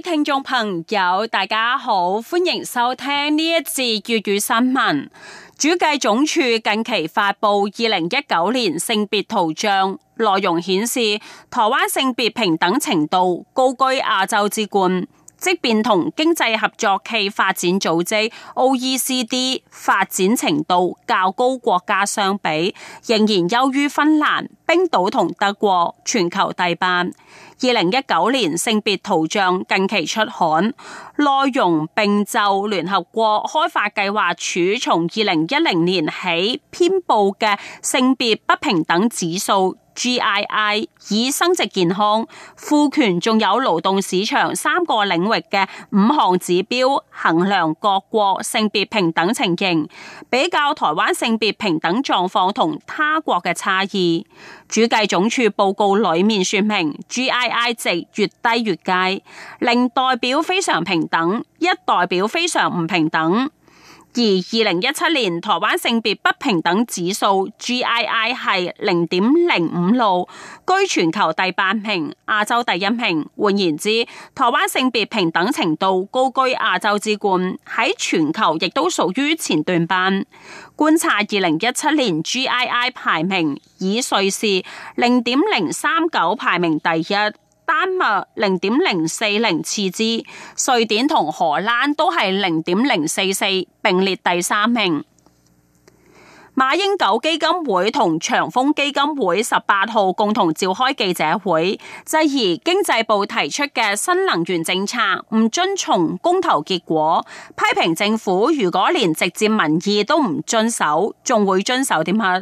聽眾朋友，大家好，歡迎收聽呢一節粵語新聞。主計總署近期發佈二零一九年性別圖像，內容顯示台灣性別平等程度高居亞洲之冠。即便同經濟合作暨發展組織 （OECD） 發展程度較高國家相比，仍然優於芬蘭、冰島同德國，全球第八。二零一九年性別圖像近期出刊，內容並就聯合國開發計劃署從二零一零年起編報嘅性別不平等指數。GII 以生殖健康、賦權仲有勞動市場三個領域嘅五項指標衡量各國性別平等情形，比較台灣性別平等狀況同他國嘅差異。主計總處報告裏面說明，GII 值越低越佳，零代表非常平等，一代表非常唔平等。而二零一七年台灣性別不平等指數 GII 係零點零五六，居全球第八名，亞洲第一名。換言之，台灣性別平等程度高居亞洲之冠，喺全球亦都屬於前段班。觀察二零一七年 GII 排名，以瑞士零點零三九排名第一。丹麥零點零四零次之，瑞典同荷蘭都係零點零四四，並列第三名。馬英九基金會同長風基金會十八號共同召開記者會，質疑經濟部提出嘅新能源政策唔遵從公投結果，批評政府如果連直接民意都唔遵守，仲會遵守點啊？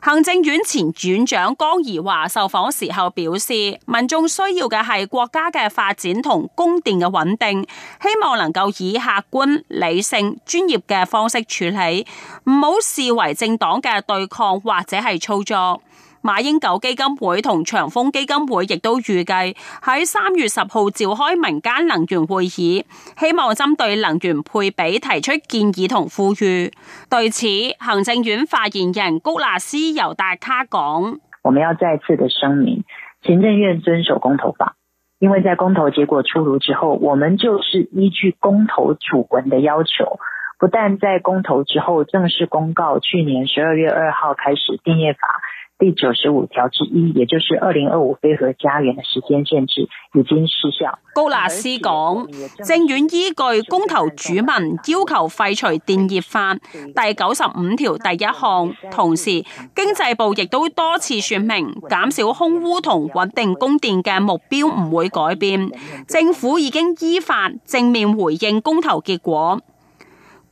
行政院前院長江宜樺受訪時候表示，民眾需要嘅係國家嘅發展同供電嘅穩定，希望能夠以客觀、理性、專業嘅方式處理，唔好視為政黨嘅對抗或者係操作。馬英九基金會同長風基金會亦都預計喺三月十號召開民間能源會議，希望針對能源配比提出建議同呼籲。對此，行政院發言人谷納斯尤達卡講：我們要再次的聲明，行政院遵守公投法，因為在公投結果出爐之後，我們就是依據公投主文的要求，不但在公投之後正式公告，去年十二月二號開始訂立法。第九十五條之一，也就是二零二五非核家園嘅時間限制已經失效。高納斯講，政院依據公投主文要求廢除電業法第九十五條第一項，同時經濟部亦都多次說明減少空污同穩定供電嘅目標唔會改變，政府已經依法正面回應公投結果。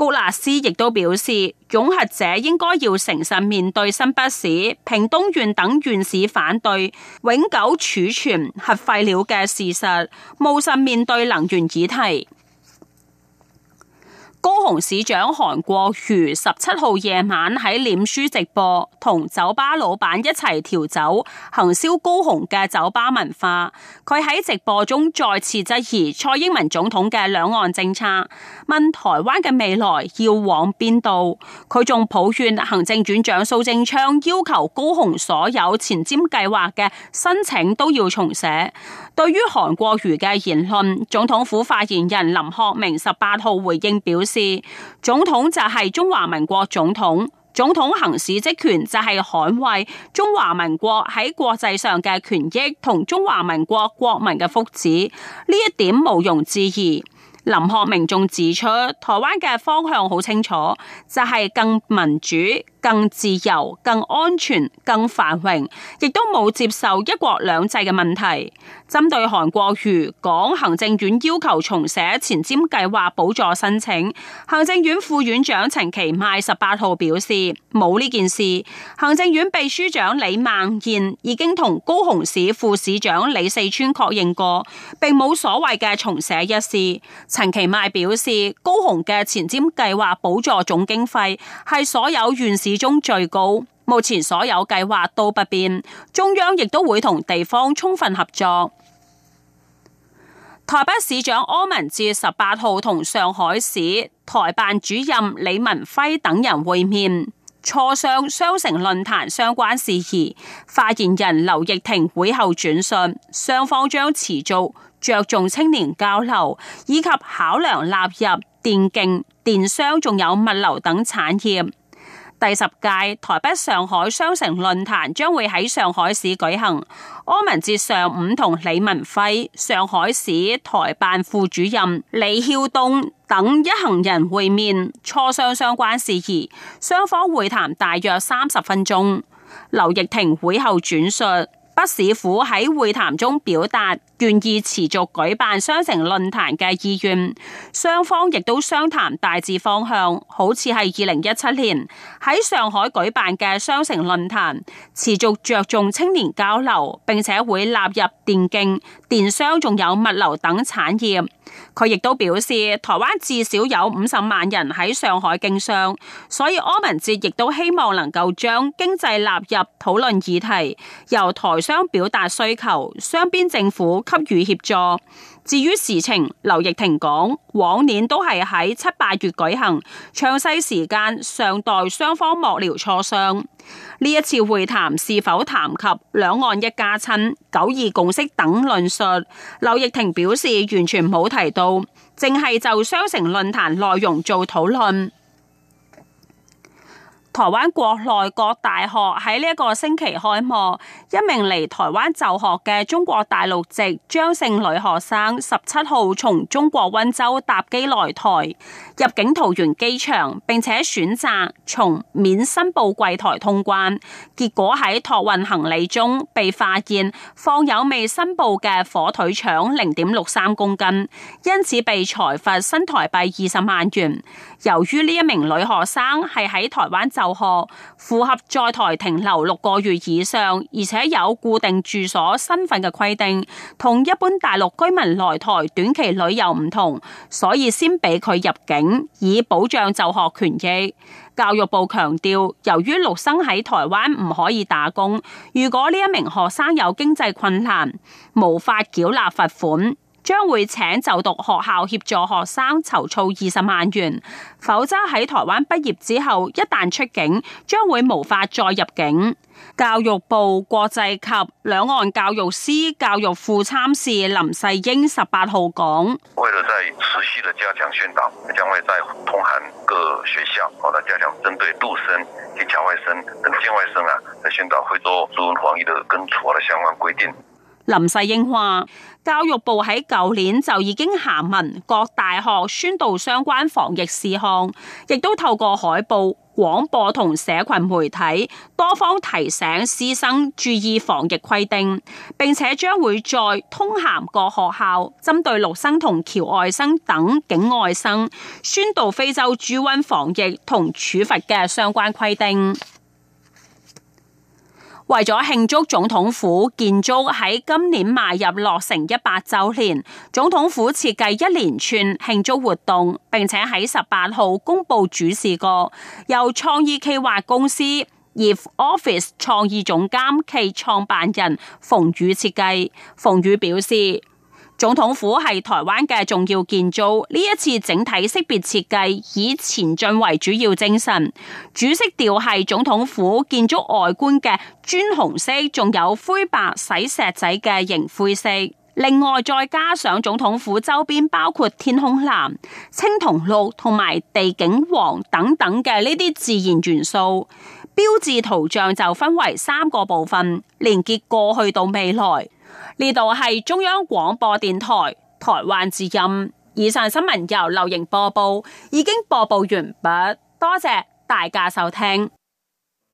高納斯亦都表示，擁核者應該要誠實面對新北市、屏東縣等縣市反對永久儲存核廢料嘅事實，務實面對能源議題。高雄市長韓國瑜十七號夜晚喺臉書直播，同酒吧老闆一齊調酒，行銷高雄嘅酒吧文化。佢喺直播中再次質疑蔡英文總統嘅兩岸政策，問台灣嘅未來要往邊度？佢仲抱怨行政院長蘇貞昌要求高雄所有前瞻計劃嘅申請都要重寫。對於韓國瑜嘅言論，總統府發言人林鶴明十八號回應表示。是總統就係中華民國總統，總統行使職權就係捍衛中華民國喺國際上嘅權益同中華民國國民嘅福祉，呢一點毋庸置疑。林學明仲指出，台灣嘅方向好清楚，就係更民主、更自由、更安全、更繁榮，亦都冇接受一國兩制嘅問題。針對韓國瑜講行政院要求重寫前瞻計劃補助申請，行政院副院長陳其邁十八號表示冇呢件事。行政院秘書長李孟賢已經同高雄市副市長李四川確認過，並冇所謂嘅重寫一事。陳其邁表示，高雄嘅前瞻計劃補助總經費係所有縣市中最高。目前所有計劃都不變，中央亦都會同地方充分合作。台北市長柯文哲十八號同上海市台辦主任李文輝等人會面，磋商雙城論壇相關事宜。發言人劉奕婷會後轉信，雙方將持續。着重青年交流，以及考量納入電競、電商，仲有物流等產業。第十屆台北上海雙城論壇將會喺上海市舉行。柯文哲上午同李文輝、上海市台辦副主任李曉東等一行人會面，磋商相關事宜。雙方會談大約三十分鐘。劉奕婷會後轉述，北市府喺會談中表達。願意持續舉辦雙城論壇嘅意願，雙方亦都商談大致方向，好似係二零一七年喺上海舉辦嘅雙城論壇，持續着重青年交流，並且會納入電競、電商仲有物流等產業。佢亦都表示，台灣至少有五十萬人喺上海經商，所以柯文哲亦都希望能夠將經濟納入討論議題，由台商表達需求，雙邊政府。給予協助。至於時程，劉奕廷講，往年都係喺七八月舉行，詳細時間尚待雙方幕僚磋商。呢一次會談是否談及兩岸一家親、九二共識等論述？劉奕廷表示完全冇提到，淨係就雙城論壇內容做討論。台灣國內各大學喺呢一個星期開幕。一名嚟台灣就學嘅中國大陸籍張姓女學生，十七號從中國溫州搭機來台，入境桃園機場，並且選擇從免申報櫃台通關，結果喺託運行李中被發現放有未申報嘅火腿腸零點六三公斤，因此被裁罰新台幣二十萬元。由於呢一名女學生係喺台灣就學，符合在台停留六個月以上，而且，有固定住所、身份嘅規定，同一般大陸居民來台短期旅遊唔同，所以先俾佢入境，以保障就學權益。教育部強調，由於陸生喺台灣唔可以打工，如果呢一名學生有經濟困難，無法繳納罰款。將會請就讀學校協助學生籌措二十萬元，否則喺台灣畢業之後一旦出境，將會無法再入境。教育部國際及兩岸教育司教育副參事林世英十八號講：，為了在持續加強宣導，將會在通函各學校，我哋加強針對陸生、及僑外生等境外生啊，宣導惠州入境防疫的跟處罰的相關規定。林世英話，教育部喺舊年就已經函文各大學宣導相關防疫事項，亦都透過海報、廣播同社群媒體多方提醒師生注意防疫規定，並且將會再通函各學校，針對陸生同僑外生等境外生宣導非洲豬瘟防疫同處罰嘅相關規定。為咗慶祝總統府建築喺今年邁入落成一百周年，總統府設計一連串慶祝活動，並且喺十八號公布主視覺，由創意企劃公司 If Office 創意總監暨創辦人馮宇設計。馮宇表示。總統府係台灣嘅重要建築，呢一次整體識別設計以前進為主要精神，主色調係總統府建築外觀嘅磚紅色，仲有灰白洗石仔嘅凝灰色。另外再加上總統府周邊包括天空藍、青銅綠同埋地景黃等等嘅呢啲自然元素。標誌圖像就分為三個部分，連結過去到未來。呢度係中央廣播電台台灣之音。以上新聞由劉瑩播報，已經播報完畢。多謝大家收聽。